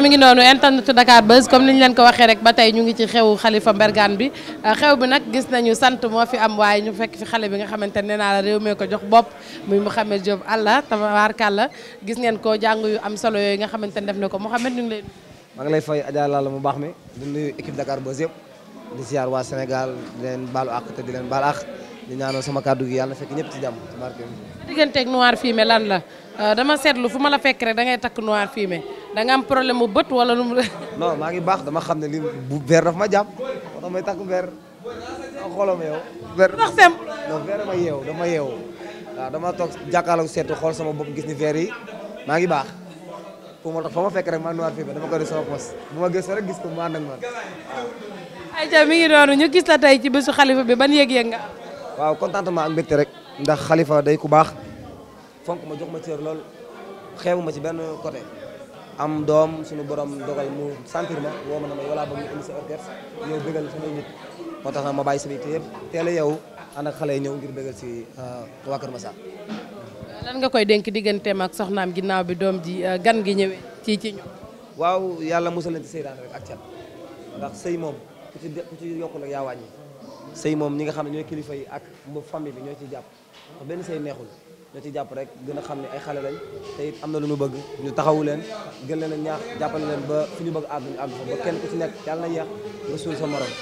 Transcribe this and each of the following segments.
mi ngi noonu internet Dakar Buzz comme ni ñu leen ko waxee rek ba tey ñu ngi ci xewu Khalifa Mbergane bi euh, xew bi nag gis nañu sant moo fi am waaye ñu fekk fi xale bi nga xamante ne naa la réew mee ko jox bopp muy Mouhamed Diop Allah tabaarkalla gis ngeen ko jàng yu am solo yooyu nga xamante ne def na ko Mouhamed ñu ngi lay. maa lay fay Adja Lalla mu baax mi di nuyu équipe Dakar Buzz yëpp di ziar waa Sénégal di leen baalu te di leen baal àq di ñaanal sama kàddu gi yàlla fekk ñëpp ci jàmm ci barke. la euh, dama seetlu fu ma la fekk rek da takk noir da nga am problème mu bët wala lu mu. non maa ngi baax dama xam ne lii bu verre daf ma jàpp moo tax may takk verre ah, ma xooloo yow. verre ndax simple. non verre dama yeewu dama yeewu waaw dama toog jàkkaarloog seetu xool sama bopp gis ni verre yi maa ngi baax pour moo tax ma fekk rek ma noir fii ba dama ko def sama poste rek gis ko mu ànd ak man waaw. ayca ngi doonu ñu gis la tey ci bésu xalifa bi ban yëg-yëg nga am. waaw contentement ak mbégte rek. ndax xalifa day ku baax fonk ma jox ma cër lool xeebu ma ci benn côté. am doom suñu borom dogal mu sentir ma woo ma na may walaa ba ñu indi sa ñëw bëggal samay nit moo tax nag ma bàyyi sama yitte yëpp teel a yow ak xale yi ñëw ngir bëggal si euh, waa Kër Massar lan nga koy dénk digganteem ak soxnaam ginnaaw bi doom ji euh, gan gi ñëwee ci ci waaw yàlla musal leen ci seytaan rek ak cat ndax sëy moom ku ci ku ci yokku nag yaa wàññi sëy moom ñi nga xam ne ñooy kilifa yi ak famille bi ñoo ci jàpp ndax benn sëy neexul na ci jàpp rek gën a xam ne ay xale lañ te am na lu ñu bëgg ñu taxawu leen gën leen a ñaax jàppale leen ba fi ñu bëgg àgg ñu àgg fa ba kenn ku ci nekk yàlla na yeex nga suul sa morom.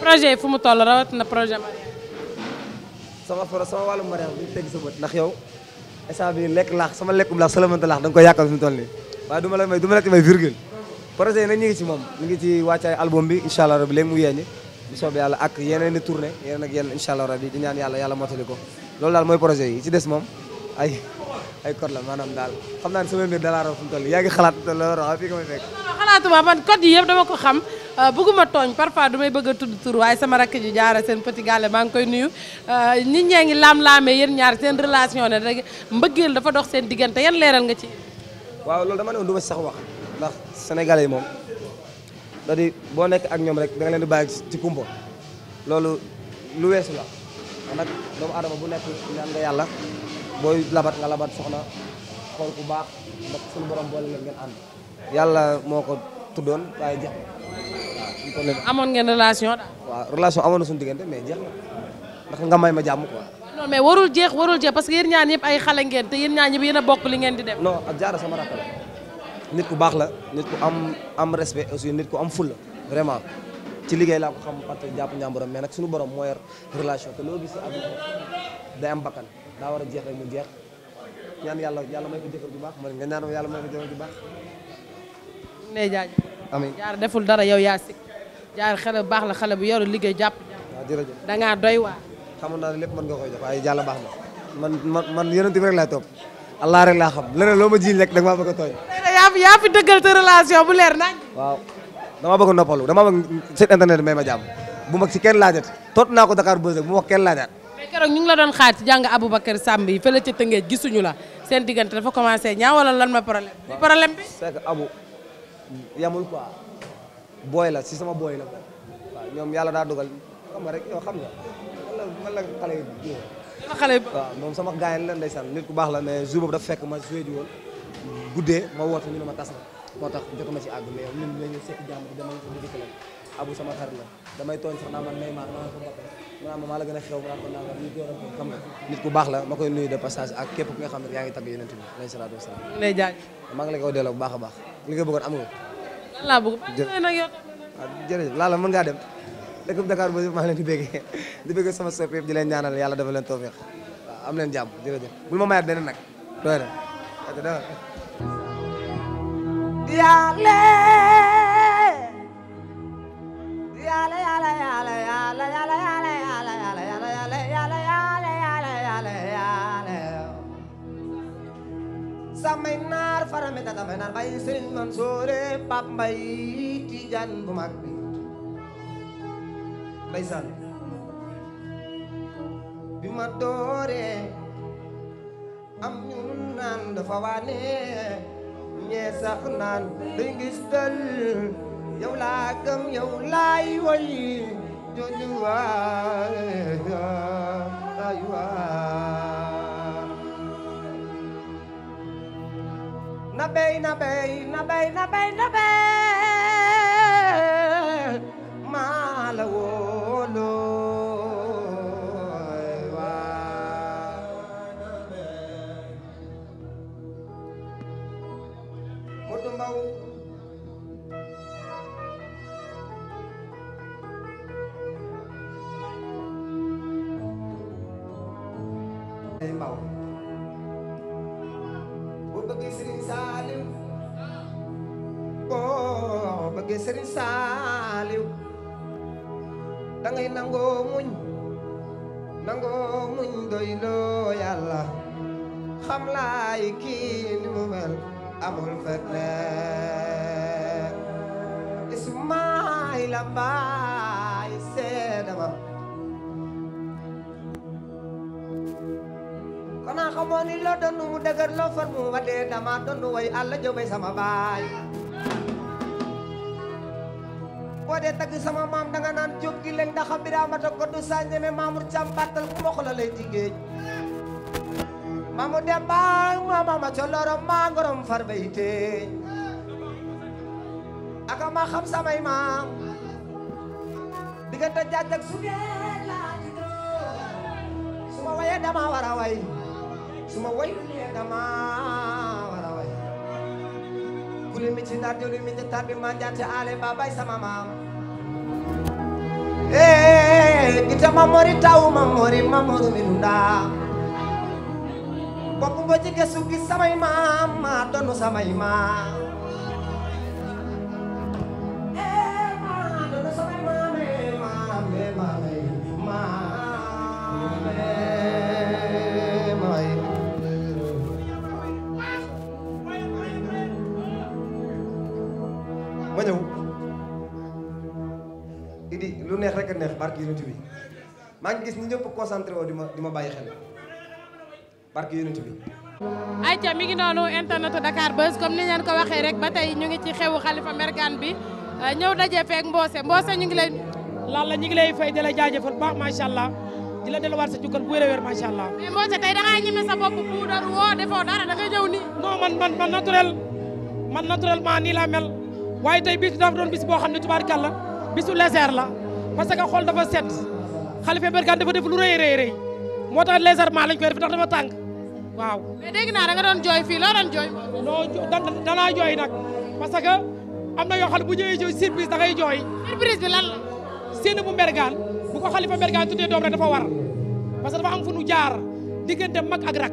projet yi fu mu toll rawat na projet mariage. sama pro sama bi ñu teg sa bët ndax yow bi lekk la may du ma la ci may virgule projet yi nag ñu ngi ci moom ñu ngi ci wàccaay album bi incha allah rabi léegi mu yeeñu bu soobee yàlla ak yeneen i tournée yeneen ak yeneen incha allah rabi di ñaan yàlla yàlla motali ko loolu daal mooy projet yi ci des moom ay ay code la maanaam daal xam naa ne sama mbir dalaa raw fu mu toll yaa ngi xalaat loolu fii nga may fekk man code yi yëpp dama ko xam euh, bëgguma tooñ parfois du may bëgg a tur waaye sama rakk jaara seen petit gàlle nuyu euh, nit ñaa ngi laam-laamee yéen ñaar seen relation ne rek mbëggeel dafa dox seen diggante yan leeral nga ci waaw loolu dama ne woon du ma sax wax ndax sénégalais yi moom da di boo nekk ak ñoom rek da nga leen di bàyyi ci kumpa loolu lu weesu la kon nag doomu bu nekk nga yàlla booy labat nga labat soxna xool ku baax ba suñu borom boole leen ngeen ànd yàlla moo ko tuddoon waaye jeex na amoon ngeen relation daal waa relation amoon na suñu diggante mais jeex na ndax nga may ma jàmm quoi non mais warul jeex warul jeex parce que yéen ñaan ñëpp ay xale ngeen te yéen ñaan ñëpp yéen a bokk li ngeen di def non ak jaara sama rakk la nit ku baax la nit ku am am respect aussi nit ku am fulla vraiment ci liggéey laa ko xam parce que jàpp njàmburam moo yor relation te loo gis si àdduna day am bakkan daa war a jeex rek mu jeex yàlla yàlla may ko jëkkër ju baax man nga ñaan yàlla may ko jëkkër ju baax. ne jaajëf. amiin jaar deful dara yow yaa sikk jaar xale bu baax la xale bu yoru liggéey jàpp. waaw jërëjëf da ngaa doy waa. xamoon naa ne lépp mën nga koy def waaye jàll baax na man man man yonent bi rek laay topp allah rek laa xam leneen loo ma jiiñ rek da nga maa bëgg a tooy. yaa fi yaa bu leer nañ. dama bëgg noppalu dama bëgg site internet ma jàmm bu mag si kenn laajat toot naa ko Dakar Buzz bu ma kenn laajaat mais keroog ñu ngi la doon xaar ci jàng Aboubacar Samb yi fële ca Tëngéej gisuñu la seen diggante dafa commencé ñaaw wala lan ma problème bi problème bi c'est que yamul quoi booy la si sama booy la waaw ñoom yàlla daa dogal xam nga rek yow xam nga man la xale yi xale nit ku baax la mais jour boobu dafa fekk ma joué ji guddee ma woote ñu ne ma tas na moo tax jotuma ci àgg mais yow ñun dañuy seeti jàmm bi dama ko dugg la abu sama xar la damay tooñ sax naa man Neymar naa ko Mbappé naa ma maa la gën a xew naa ko naa ñu door ko xam nga nit ku baax la ma koy nuyu de passage ak képp ku nga xam ne yaa ngi tagg yonent bi alayhi salaatu wa salaam lay jaaj maa ngi la koy delloo bu baax a baax li nga bëggoon am nga lan laa bëgg ah, jërëjëf laa la mën ngaa dem dëkk Dakar ba maa leen di béggee di béggee sama sopp yëpp di leen ñaanal yàlla dafa leen tawfeex waaw am leen jàmm jërëjëf bul ma mayaat beneen nag doy na yàlla yàlla yàlla yàlla yàlla yàlla yàlla yàlla yàlla yàlla yàlla yàlla yàlla yàlla samay naar farame ta samay naar bay Serigne Mansoore Pap Mbay Tijaan bu mag bi ndeysaan bi ma dooree am ñu naan dafa waane ñee sax naan duñ gis dël yow laa gëm yow laay woy jooju waay waay na béy na béy na béy na béy maa la woo ay mbaw boo boo bëggee Serigne Saliou nangoo muñ nangoo muñ doy loo yàlla xam laay kii mu mel amul feneen Ismaila Ba xamoon ni loo doon mu dëgër loo far mu wadee dama doon way àlla jobay sama baay boo dee sama maam danga naan jóg gi leng ndax Biramata Goddu Sanjeme Mamour Thiam battal ku mokk la lay tigéej Mamour Demba ma mama colorom maa ngorom far bay teeñ aka ma xam samay maam diggante jaaj ak su ma waye dama war way su ma wayu ne dama war a way kuli mi ci ndar joli mi ci tar bi ma jaate sama maam ee gita ma mori taw ma mori ma mori mi nunda bopp ba gi samay maam ma donu samay maam neex maa ngi gis ni ñëpp concentré woo di ma di ma bàyyi xel barke yonent bi ayca mi ngi noonu internetu Dakar Buzz comme ni leen ko waxee rek ba tey ñu ngi ci xewu Khalifa Mergane bi euh, ñëw daje feek Mboose ñu ngi lay Lalla ñu ngi la jaajëfal baax macha allah di la macha allah mais Mboose tey da ngaa ñeme sa bopp puudar woo defoo dara da nga ñëw nii non man man man naturel man naturellement nii laa mel waaye tey bis dafa doon bis boo xam ne la bisu légère la parce que xol dafa set Khalifa Mbergane dafa def lu rëy rëy rëy moo tax les armes lañ koy def ndax dafa tàng waaw. mais dégg naa nga doon jooy fii loo doon jooy. non danaa jooy nag parce am na yoo xam ne bu ñëwee jooy surprise da ngay jooy. surprise bi lan la. séenu bu Mbergane bu ko Khalifa Mbergane tuddee doom war parce dafa am fu nu jaar diggante mag ak rak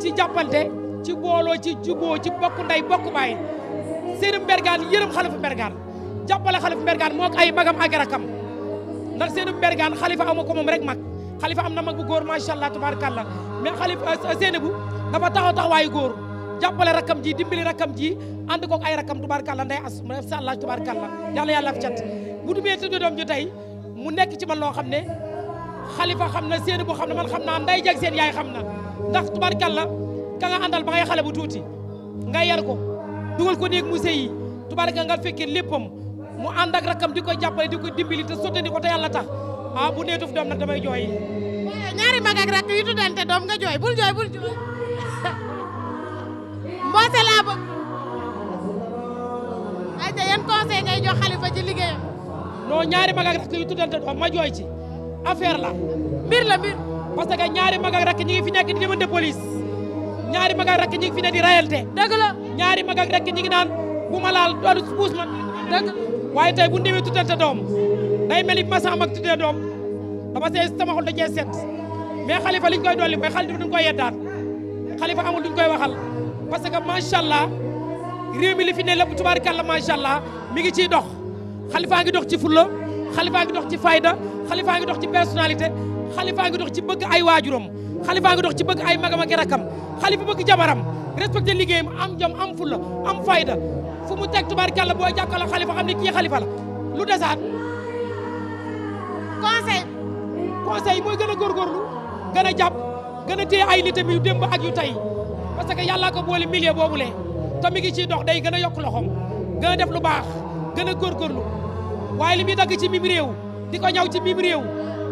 ci jàppante ci booloo ci juboo ci bokk nday bokk baay séenu Mbergane yërëm ndax seenu mbergaan xalifa amu ko moom rek mag xalifa am na mag bu góor macha allah tabarakallah mais xalifa seeni euh, euh, bu dafa taxaw taxawaayu góor jàppale rakam ji dimbali rakam ji ànd koog ay rakam tabarakallah nday as macha allah tabarakallah yàlla yàlla fi cat bu dumee tudd doom ju tey mu nekk ci man loo xam ne xalifa xam na seeni bu xam ne man xam naa nday jeg seen yaay xam na ndax tabarakallah ka nga àndal ba ngay xale bu tuuti nga yar ko dugal ko néeg musée yi tubaarka nga fekkee léppam mu ànd ak rakam di koy jàppale di ko dimbali te sottandi ko te yàlla tax ah bu neetuf doom nag damay jooy. Eh, ñaari mag rakk yu tuddante doom nga jooy bul mboose laa bëgg. ayca yan conseil ngay jox xalifa ci liggéeyam. non ñaari mag rakk yu tuddante doom ma ci affaire la. mbir la mbir. parce que ñaari mag rakk ñi fi nekk di demande police ñaari mag rakk ñi fi ne di rayante. dëgg ñaari mag rakk ñi naan bu ma laal doon ma dëgg waaye tey bu ñu demee tuddante doom day mel ni bu ma sama mag xalifa liñ koy dolli mooy xalifa duñ koy yeddaat xalifa amul duñ koy waxal parce que macha allah réew mi li fi ne lépp tubaarkàlla macha allah mi ngi ciy dox xalifaa ngi dox ci fulla xalifaa ngi dox ci fayda xalifaa ngi dox ci personnalité xalifaa ngi dox ci bëgg ay waajuram xalifaa ngi dox ci bëgg ay magam ak rakkam xalifa bëgg jabaram respecté liggéeyam am jom am fu mu teg tubaarkàlla boo jàkkaarloo xalifa xam ne kii xalifa la lu desaat conseil conseil mooy gën a góorgóorlu gën a jàpp gën a téye ay nitam yu yu tey parce que yàllaa ko boole milieu boobulee te mi ngi ciy dox day gën a yokk loxoom gën a def lu baax gën a góorgóorlu waaye li muy dagg ci mim réew di ko ñaw ci mim réew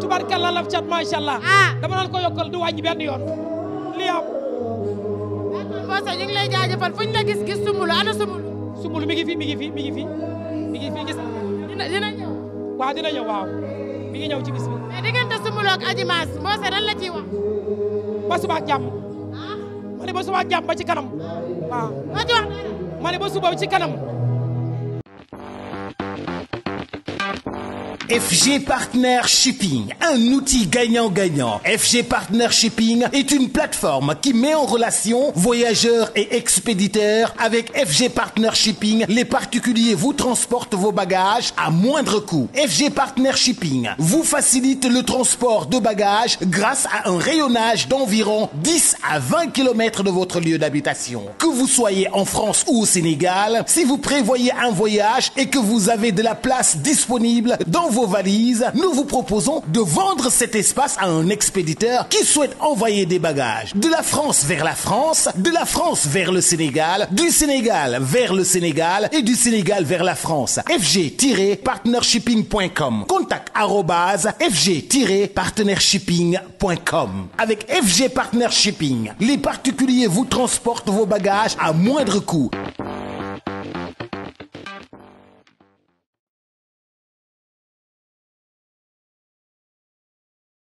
tubaarkàlla laf cat macha allah dama naan ko yokkal du wàññi benn yoon li am conseil ñu ngi lay jaajëfal fu ñu la gis gis sumbulu Soumboulou mi ngi fi mi ngi fi mi ngi fi mi ngi dina dina mi ngi ñëw ci bis bi. mais diggante Soumboulou ak Adji la ciy ba suba ak jàmm. Ah? ma ne ba suba ak ba ci kanam waaw. ma ci wax ba suba ci kanam. FG Partner Shipping, un outil gagnant-gagnant. FG Partner Shipping est une plateforme qui met en relation voyageurs et expéditeurs. Avec FG Partner Shipping, les particuliers vous transportent vos bagages à moindre coût. FG Partner Shipping vous facilite le transport de bagages grâce à un rayonnage d'environ 10 à 20 km de votre lieu d'habitation. Que vous soyez en France ou au Sénégal, si vous prévoyez un voyage et que vous avez de la place disponible vos valises, nous vous proposons de vendre cet espace à un expéditeur qui souhaite envoyer des bagages de la France vers la France, de la France vers le Sénégal, du Sénégal vers le Sénégal et du Sénégal vers la France. fg-partnershipping.com. Contact arobase fg-partnershipping.com. Avec FG Partnershipping, les particuliers vous transportent vos bagages à moindre coût.